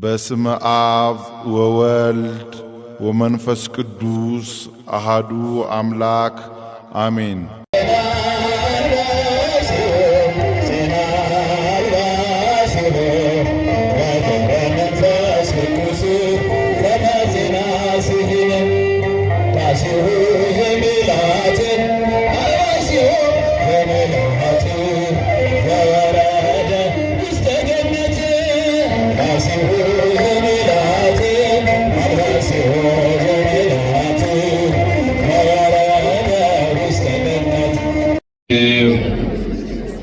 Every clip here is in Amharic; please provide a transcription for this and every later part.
በስመ አብ ወወልድ ወመንፈስ ቅዱስ አሃዱ አምላክ አሜን።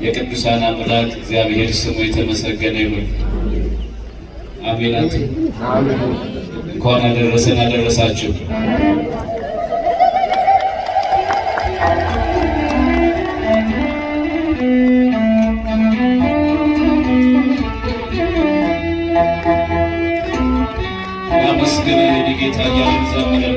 የቅዱሳን አምላክ እግዚአብሔር ስሙ የተመሰገነ ይሁን። አሜናት እንኳን አደረሰን አደረሳችሁ። አመስግነን ጌታ እያለን ዘምረን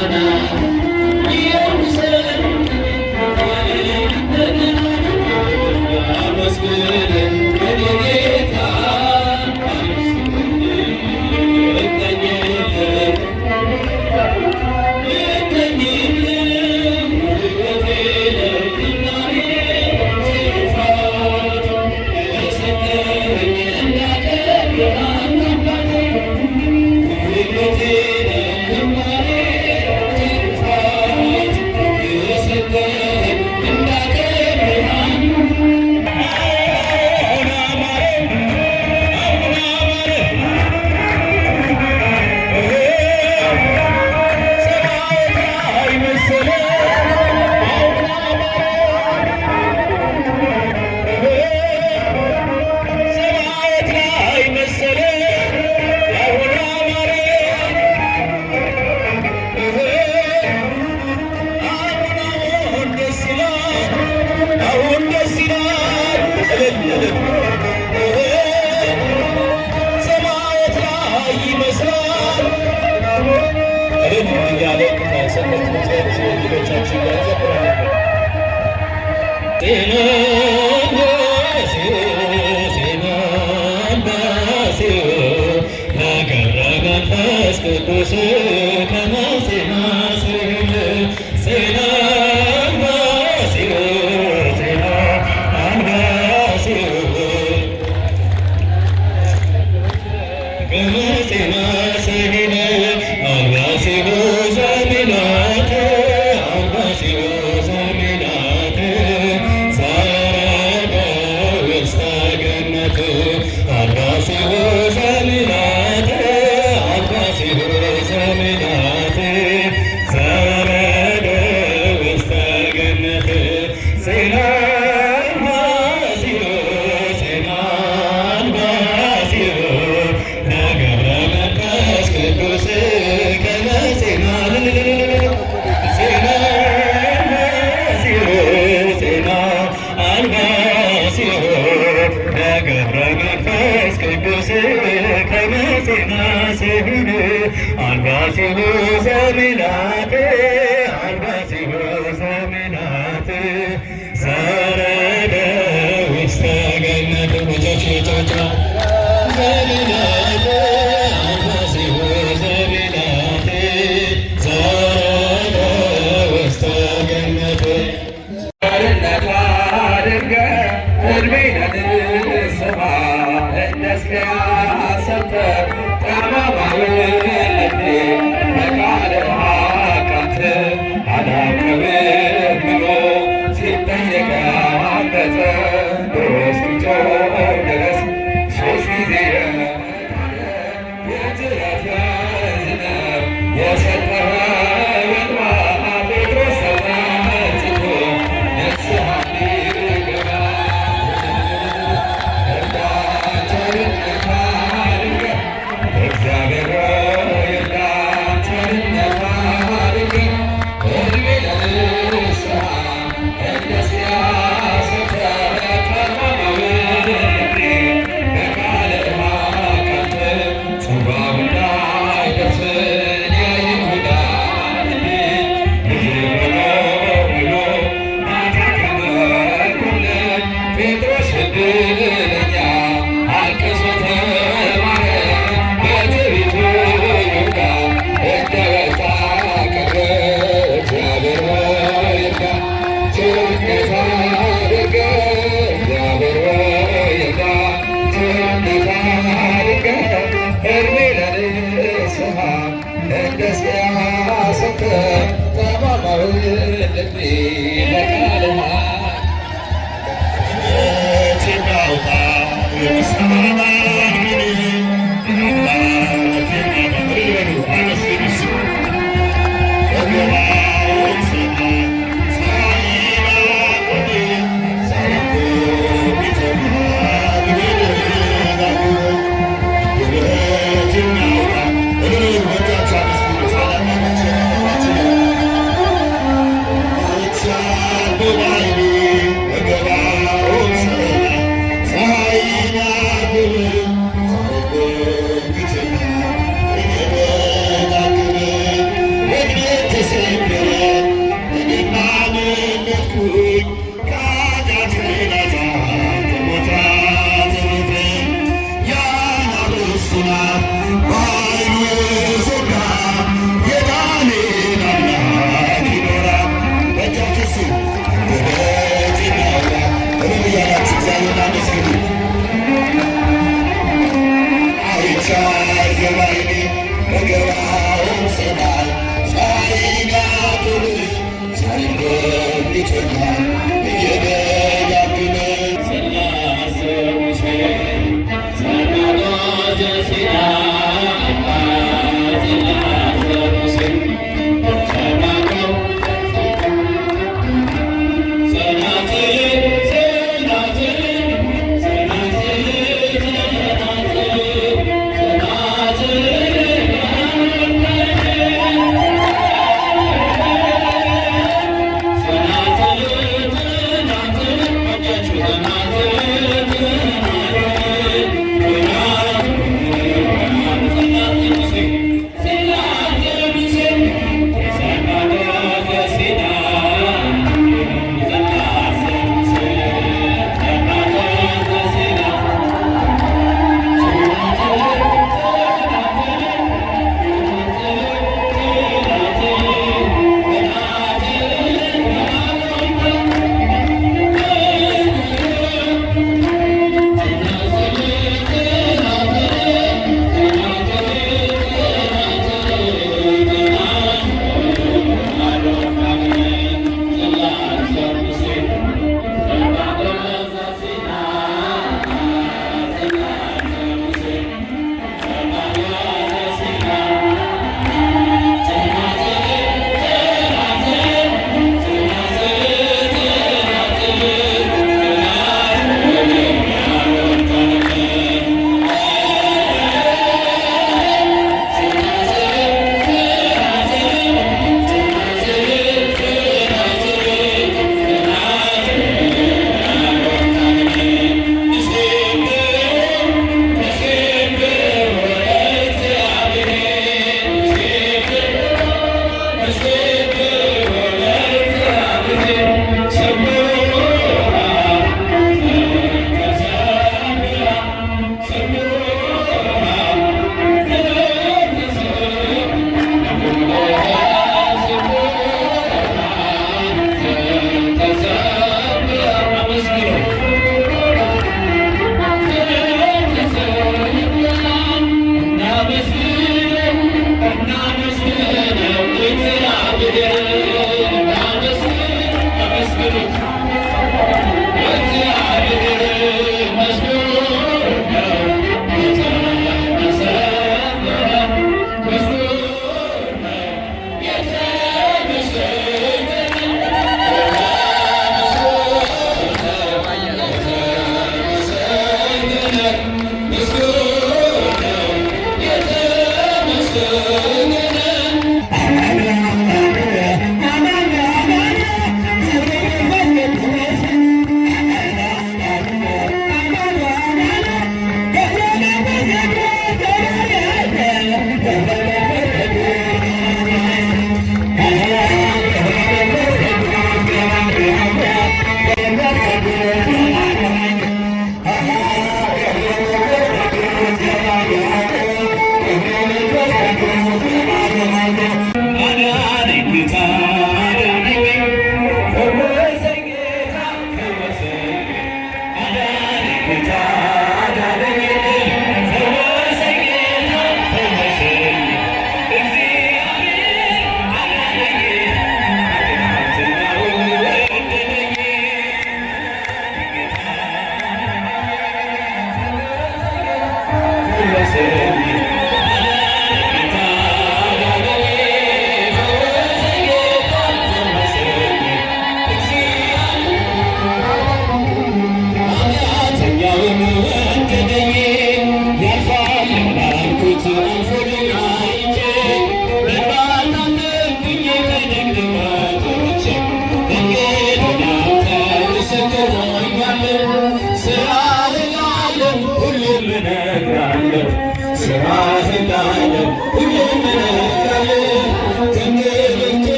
Thank you. Thank you. ዘመናት አልባሲሁ ዘመናት ሰረደ ውስተ ገነት Let's get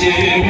Jimmy.